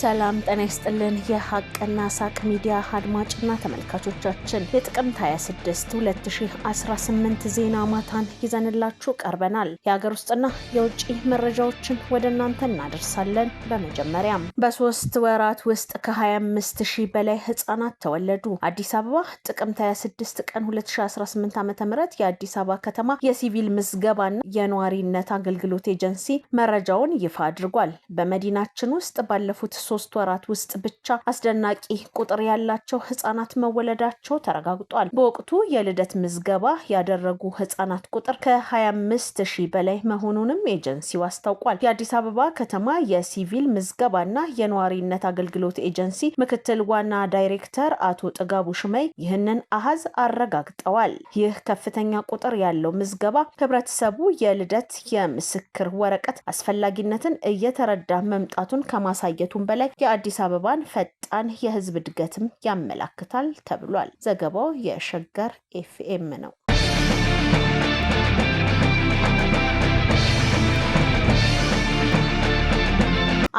ሰላም ጤና ይስጥልን። የሀቅና ሳቅ ሚዲያ አድማጭና ተመልካቾቻችን የጥቅምት 26 2018 ዜና ማታን ይዘንላችሁ ቀርበናል። የሀገር ውስጥና የውጭ መረጃዎችን ወደ እናንተ እናደርሳለን። በመጀመሪያም በሶስት ወራት ውስጥ ከ25 ሺህ በላይ ህጻናት ተወለዱ። አዲስ አበባ ጥቅምት 26 ቀን 2018 ዓ ም የአዲስ አበባ ከተማ የሲቪል ምዝገባና የነዋሪነት አገልግሎት ኤጀንሲ መረጃውን ይፋ አድርጓል። በመዲናችን ውስጥ ባለፉት ሶስት ወራት ውስጥ ብቻ አስደናቂ ቁጥር ያላቸው ህጻናት መወለዳቸው ተረጋግጧል። በወቅቱ የልደት ምዝገባ ያደረጉ ህጻናት ቁጥር ከ25 ሺህ በላይ መሆኑንም ኤጀንሲው አስታውቋል። የአዲስ አበባ ከተማ የሲቪል ምዝገባና የነዋሪነት አገልግሎት ኤጀንሲ ምክትል ዋና ዳይሬክተር አቶ ጥጋቡ ሽመይ ይህንን አሃዝ አረጋግጠዋል። ይህ ከፍተኛ ቁጥር ያለው ምዝገባ ህብረተሰቡ የልደት የምስክር ወረቀት አስፈላጊነትን እየተረዳ መምጣቱን ከማሳየቱን በላይ መፈለግ የአዲስ አበባን ፈጣን የህዝብ እድገትም ያመላክታል ተብሏል። ዘገባው የሸገር ኤፍኤም ነው።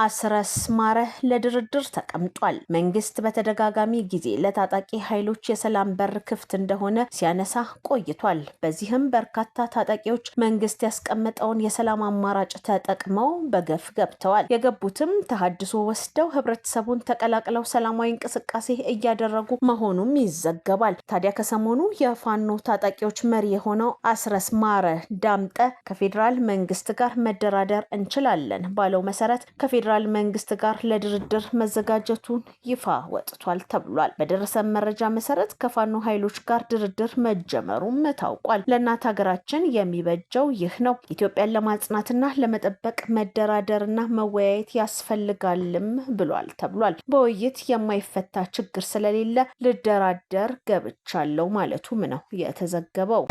አስረስ ማረ ለድርድር ተቀምጧል። መንግስት በተደጋጋሚ ጊዜ ለታጣቂ ኃይሎች የሰላም በር ክፍት እንደሆነ ሲያነሳ ቆይቷል። በዚህም በርካታ ታጣቂዎች መንግስት ያስቀመጠውን የሰላም አማራጭ ተጠቅመው በገፍ ገብተዋል። የገቡትም ተሃድሶ ወስደው ህብረተሰቡን ተቀላቅለው ሰላማዊ እንቅስቃሴ እያደረጉ መሆኑም ይዘገባል። ታዲያ ከሰሞኑ የፋኖ ታጣቂዎች መሪ የሆነው አስረስ ማረ ዳምጠ ከፌዴራል መንግስት ጋር መደራደር እንችላለን ባለው መሰረት ከፌዴራል ከፌዴራል መንግስት ጋር ለድርድር መዘጋጀቱን ይፋ ወጥቷል ተብሏል። በደረሰ መረጃ መሰረት ከፋኖ ኃይሎች ጋር ድርድር መጀመሩም ታውቋል። ለእናት ሀገራችን የሚበጀው ይህ ነው። ኢትዮጵያን ለማጽናትና ለመጠበቅ መደራደርና መወያየት ያስፈልጋልም ብሏል ተብሏል። በውይይት የማይፈታ ችግር ስለሌለ ልደራደር ገብቻለሁ ማለቱም ነው የተዘገበው።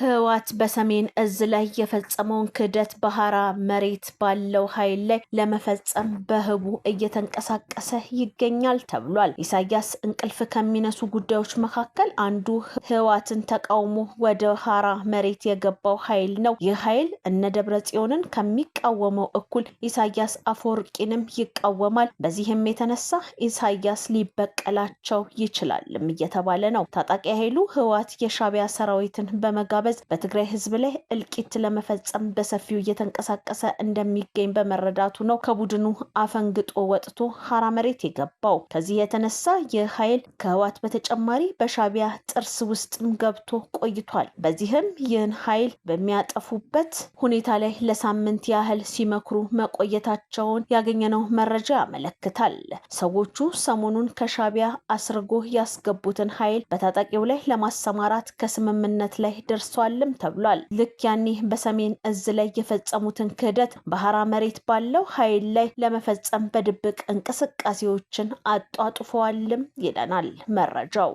ህወሓት በሰሜን እዝ ላይ የፈጸመውን ክህደት በሐራ መሬት ባለው ኃይል ላይ ለመፈጸም በህቡ እየተንቀሳቀሰ ይገኛል ተብሏል። ኢሳያስ እንቅልፍ ከሚነሱ ጉዳዮች መካከል አንዱ ህወሓትን ተቃውሞ ወደ ሃራ መሬት የገባው ኃይል ነው። ይህ ኃይል እነ ደብረ ጽዮንን ከሚቃወመው እኩል ኢሳያስ አፈወርቂንም ይቃወማል። በዚህም የተነሳ ኢሳያስ ሊበቀላቸው ይችላልም እየተባለ ነው። ታጣቂ ኃይሉ ህወሓት የሻቢያ ሰራዊትን በመጋበ በማጋበዝ በትግራይ ህዝብ ላይ እልቂት ለመፈጸም በሰፊው እየተንቀሳቀሰ እንደሚገኝ በመረዳቱ ነው ከቡድኑ አፈንግጦ ወጥቶ ሀራ መሬት የገባው። ከዚህ የተነሳ ይህ ኃይል ከህዋት በተጨማሪ በሻቢያ ጥርስ ውስጥም ገብቶ ቆይቷል። በዚህም ይህን ኃይል በሚያጠፉበት ሁኔታ ላይ ለሳምንት ያህል ሲመክሩ መቆየታቸውን ያገኘነው መረጃ ያመለክታል። ሰዎቹ ሰሞኑን ከሻቢያ አስርጎ ያስገቡትን ኃይል በታጣቂው ላይ ለማሰማራት ከስምምነት ላይ ደርሶ ደርሷልም ተብሏል። ልክ ያኔ በሰሜን እዝ ላይ የፈጸሙትን ክህደት በሀራ መሬት ባለው ኃይል ላይ ለመፈጸም በድብቅ እንቅስቃሴዎችን አጧጡፈዋልም ይለናል መረጃው።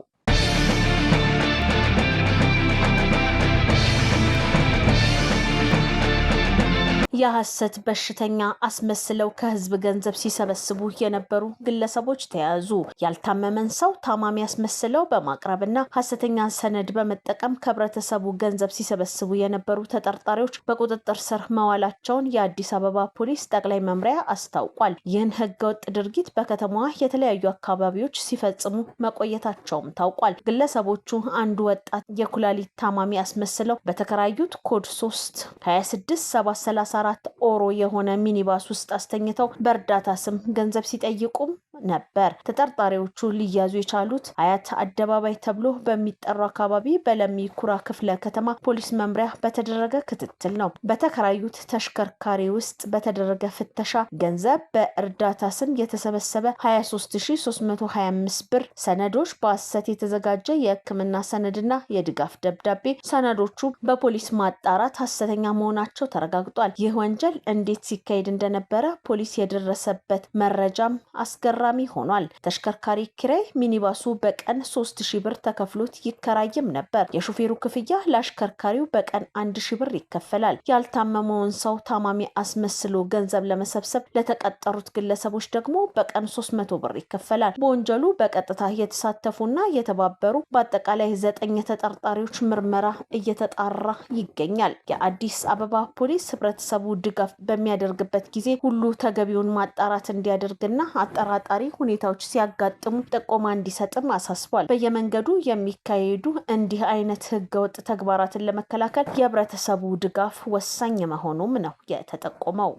የሐሰት በሽተኛ አስመስለው ከህዝብ ገንዘብ ሲሰበስቡ የነበሩ ግለሰቦች ተያዙ። ያልታመመን ሰው ታማሚ አስመስለው በማቅረብና ሐሰተኛ ሰነድ በመጠቀም ከህብረተሰቡ ገንዘብ ሲሰበስቡ የነበሩ ተጠርጣሪዎች በቁጥጥር ስር መዋላቸውን የአዲስ አበባ ፖሊስ ጠቅላይ መምሪያ አስታውቋል። ይህን ህገወጥ ድርጊት በከተማዋ የተለያዩ አካባቢዎች ሲፈጽሙ መቆየታቸውም ታውቋል። ግለሰቦቹ አንዱ ወጣት የኩላሊት ታማሚ አስመስለው በተከራዩት ኮድ 3 26 7 አራት ኦሮ የሆነ ሚኒባስ ውስጥ አስተኝተው በእርዳታ ስም ገንዘብ ሲጠይቁም ነበር። ተጠርጣሪዎቹ ሊያዙ የቻሉት አያት አደባባይ ተብሎ በሚጠራው አካባቢ በለሚ ኩራ ክፍለ ከተማ ፖሊስ መምሪያ በተደረገ ክትትል ነው። በተከራዩት ተሽከርካሪ ውስጥ በተደረገ ፍተሻ ገንዘብ በእርዳታ ስም የተሰበሰበ 23325 ብር፣ ሰነዶች፣ በአሰት የተዘጋጀ የሕክምና ሰነድና የድጋፍ ደብዳቤ። ሰነዶቹ በፖሊስ ማጣራት ሀሰተኛ መሆናቸው ተረጋግጧል። ይህ ወንጀል እንዴት ሲካሄድ እንደነበረ ፖሊስ የደረሰበት መረጃም አስገራሚ ተፈራሚ ሆኗል። ተሽከርካሪ ኪራይ ሚኒባሱ በቀን ሶስት ብር ተከፍሎት ይከራይም ነበር። የሹፌሩ ክፍያ ለአሽከርካሪው በቀን አንድ ብር ይከፈላል። ያልታመመውን ሰው ታማሚ አስመስሎ ገንዘብ ለመሰብሰብ ለተቀጠሩት ግለሰቦች ደግሞ በቀን ሶስት መቶ ብር ይከፈላል። በወንጀሉ በቀጥታ የተሳተፉና የተባበሩ በአጠቃላይ ዘጠኝ ተጠርጣሪዎች ምርመራ እየተጣራ ይገኛል። የአዲስ አበባ ፖሊስ ህብረተሰቡ ድጋፍ በሚያደርግበት ጊዜ ሁሉ ተገቢውን ማጣራት እንዲያደርግና አጠራጣሪ አሳፋሪ ሁኔታዎች ሲያጋጥሙ ጥቆማ እንዲሰጥም አሳስቧል። በየመንገዱ የሚካሄዱ እንዲህ አይነት ህገወጥ ተግባራትን ለመከላከል የህብረተሰቡ ድጋፍ ወሳኝ መሆኑም ነው የተጠቆመው።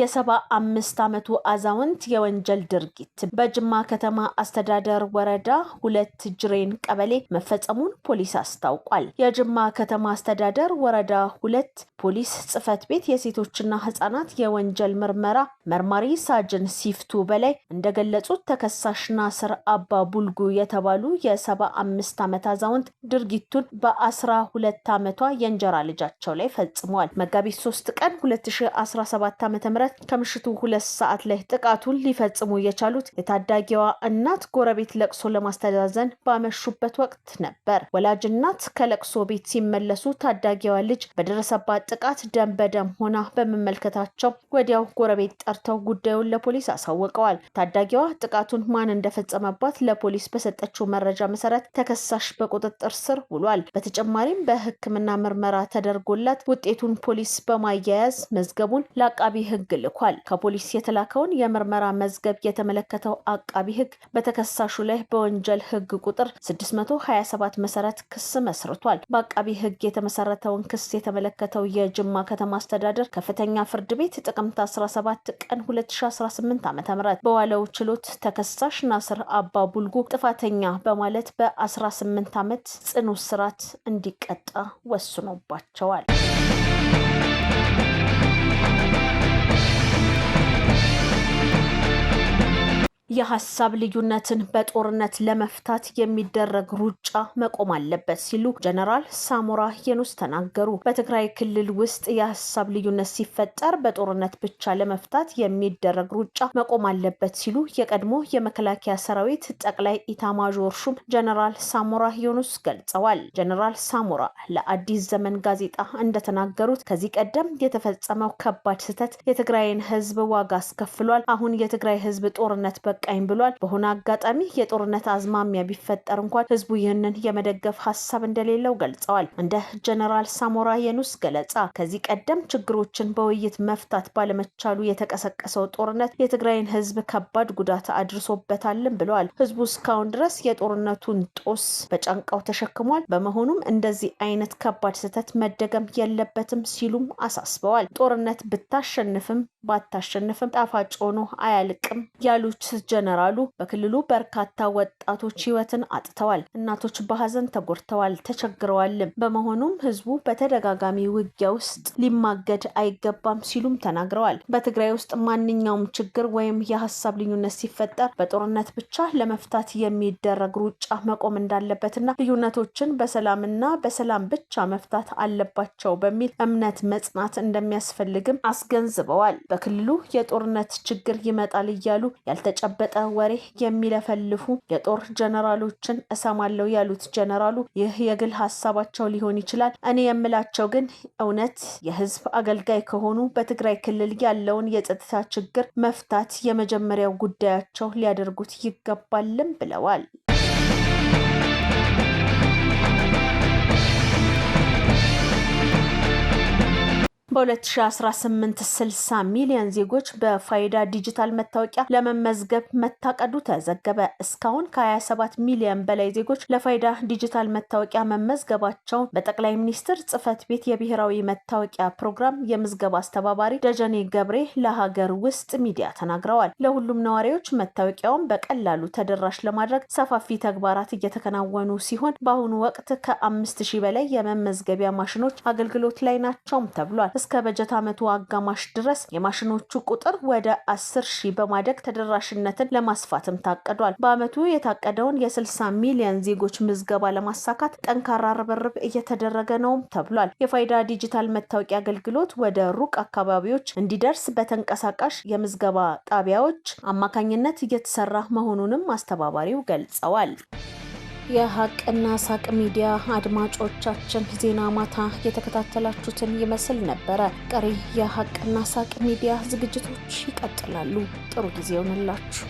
የሰባ አምስት ዓመቱ አዛውንት የወንጀል ድርጊት በጅማ ከተማ አስተዳደር ወረዳ ሁለት ጅሬን ቀበሌ መፈጸሙን ፖሊስ አስታውቋል። የጅማ ከተማ አስተዳደር ወረዳ ሁለት ፖሊስ ጽህፈት ቤት የሴቶችና ህጻናት የወንጀል ምርመራ መርማሪ ሳጅን ሲፍቱ በላይ እንደገለጹት ተከሳሽ ናስር አባ ቡልጉ የተባሉ የሰባ አምስት ዓመት አዛውንት ድርጊቱን በአስራ ሁለት ዓመቷ የእንጀራ ልጃቸው ላይ ፈጽመዋል። መጋቢት ሶስት ቀን 2017 ዓ.ም ከምሽቱ ሁለት ሰዓት ላይ ጥቃቱን ሊፈጽሙ የቻሉት የታዳጊዋ እናት ጎረቤት ለቅሶ ለማስተዛዘን ባመሹበት ወቅት ነበር። ወላጅ እናት ከለቅሶ ቤት ሲመለሱ ታዳጊዋ ልጅ በደረሰባት ጥቃት ደም በደም ሆና በመመልከታቸው ወዲያው ጎረቤት ጠርተው ጉዳዩን ለፖሊስ አሳውቀዋል። ታዳጊዋ ጥቃቱን ማን እንደፈጸመባት ለፖሊስ በሰጠችው መረጃ መሰረት ተከሳሽ በቁጥጥር ስር ውሏል። በተጨማሪም በሕክምና ምርመራ ተደርጎላት ውጤቱን ፖሊስ በማያያዝ መዝገቡን ለአቃቢ ህግ ህግ ልኳል። ከፖሊስ የተላከውን የምርመራ መዝገብ የተመለከተው አቃቢ ህግ በተከሳሹ ላይ በወንጀል ህግ ቁጥር 627 መሰረት ክስ መስርቷል። በአቃቢ ህግ የተመሰረተውን ክስ የተመለከተው የጅማ ከተማ አስተዳደር ከፍተኛ ፍርድ ቤት ጥቅምት 17 ቀን 2018 ዓ ም በዋለው ችሎት ተከሳሽ ናስር አባ ቡልጉ ጥፋተኛ በማለት በ18 ዓመት ጽኑ ስራት እንዲቀጣ ወስኖባቸዋል። የሀሳብ ልዩነትን በጦርነት ለመፍታት የሚደረግ ሩጫ መቆም አለበት ሲሉ ጀነራል ሳሞራ የኑስ ተናገሩ። በትግራይ ክልል ውስጥ የሀሳብ ልዩነት ሲፈጠር በጦርነት ብቻ ለመፍታት የሚደረግ ሩጫ መቆም አለበት ሲሉ የቀድሞ የመከላከያ ሰራዊት ጠቅላይ ኢታማዦር ሹም ጀነራል ሳሞራ የኑስ ገልጸዋል። ጀነራል ሳሞራ ለአዲስ ዘመን ጋዜጣ እንደተናገሩት ከዚህ ቀደም የተፈጸመው ከባድ ስህተት የትግራይን ህዝብ ዋጋ አስከፍሏል። አሁን የትግራይ ህዝብ ጦርነት በ በቃኝ ብሏል። በሆነ አጋጣሚ የጦርነት አዝማሚያ ቢፈጠር እንኳን ህዝቡ ይህንን የመደገፍ ሀሳብ እንደሌለው ገልጸዋል። እንደ ጀነራል ሳሞራ የኑስ ገለጻ ከዚህ ቀደም ችግሮችን በውይይት መፍታት ባለመቻሉ የተቀሰቀሰው ጦርነት የትግራይን ህዝብ ከባድ ጉዳት አድርሶበታልን ብለዋል። ህዝቡ እስካሁን ድረስ የጦርነቱን ጦስ በጫንቃው ተሸክሟል። በመሆኑም እንደዚህ አይነት ከባድ ስህተት መደገም የለበትም ሲሉም አሳስበዋል። ጦርነት ብታሸንፍም ባታሸንፍም ጣፋጭ ሆኖ አያልቅም ያሉት ጀነራሉ በክልሉ በርካታ ወጣቶች ሕይወትን አጥተዋል፣ እናቶች በሀዘን ተጎድተዋል፣ ተቸግረዋልም። በመሆኑም ህዝቡ በተደጋጋሚ ውጊያ ውስጥ ሊማገድ አይገባም ሲሉም ተናግረዋል። በትግራይ ውስጥ ማንኛውም ችግር ወይም የሀሳብ ልዩነት ሲፈጠር በጦርነት ብቻ ለመፍታት የሚደረግ ሩጫ መቆም እንዳለበትና ልዩነቶችን በሰላምና በሰላም ብቻ መፍታት አለባቸው በሚል እምነት መጽናት እንደሚያስፈልግም አስገንዝበዋል። በክልሉ የጦርነት ችግር ይመጣል እያሉ ያልተጨበጠ ወሬ የሚለፈልፉ የጦር ጀነራሎችን እሰማለሁ ያሉት ጀነራሉ ይህ የግል ሀሳባቸው ሊሆን ይችላል። እኔ የምላቸው ግን እውነት የህዝብ አገልጋይ ከሆኑ በትግራይ ክልል ያለውን የጸጥታ ችግር መፍታት የመጀመሪያው ጉዳያቸው ሊያደርጉት ይገባልም ብለዋል። በ2018 60 ሚሊዮን ዜጎች በፋይዳ ዲጂታል መታወቂያ ለመመዝገብ መታቀዱ ተዘገበ። እስካሁን ከ27 ሚሊዮን በላይ ዜጎች ለፋይዳ ዲጂታል መታወቂያ መመዝገባቸውን በጠቅላይ ሚኒስትር ጽህፈት ቤት የብሔራዊ መታወቂያ ፕሮግራም የምዝገባ አስተባባሪ ደጀኔ ገብሬ ለሀገር ውስጥ ሚዲያ ተናግረዋል። ለሁሉም ነዋሪዎች መታወቂያውን በቀላሉ ተደራሽ ለማድረግ ሰፋፊ ተግባራት እየተከናወኑ ሲሆን በአሁኑ ወቅት ከአምስት ሺህ በላይ የመመዝገቢያ ማሽኖች አገልግሎት ላይ ናቸውም ተብሏል። እስከ በጀት ዓመቱ አጋማሽ ድረስ የማሽኖቹ ቁጥር ወደ አስር ሺህ በማደግ ተደራሽነትን ለማስፋትም ታቅዷል። በዓመቱ የታቀደውን የ60 ሚሊዮን ዜጎች ምዝገባ ለማሳካት ጠንካራ ርብርብ እየተደረገ ነውም ተብሏል። የፋይዳ ዲጂታል መታወቂያ አገልግሎት ወደ ሩቅ አካባቢዎች እንዲደርስ በተንቀሳቃሽ የምዝገባ ጣቢያዎች አማካኝነት እየተሰራ መሆኑንም አስተባባሪው ገልጸዋል። የሀቅና ሳቅ ሚዲያ አድማጮቻችን ዜና ማታ የተከታተላችሁትን ይመስል ነበረ። ቀሪ የሀቅና ሳቅ ሚዲያ ዝግጅቶች ይቀጥላሉ። ጥሩ ጊዜ ይሆንላችሁ።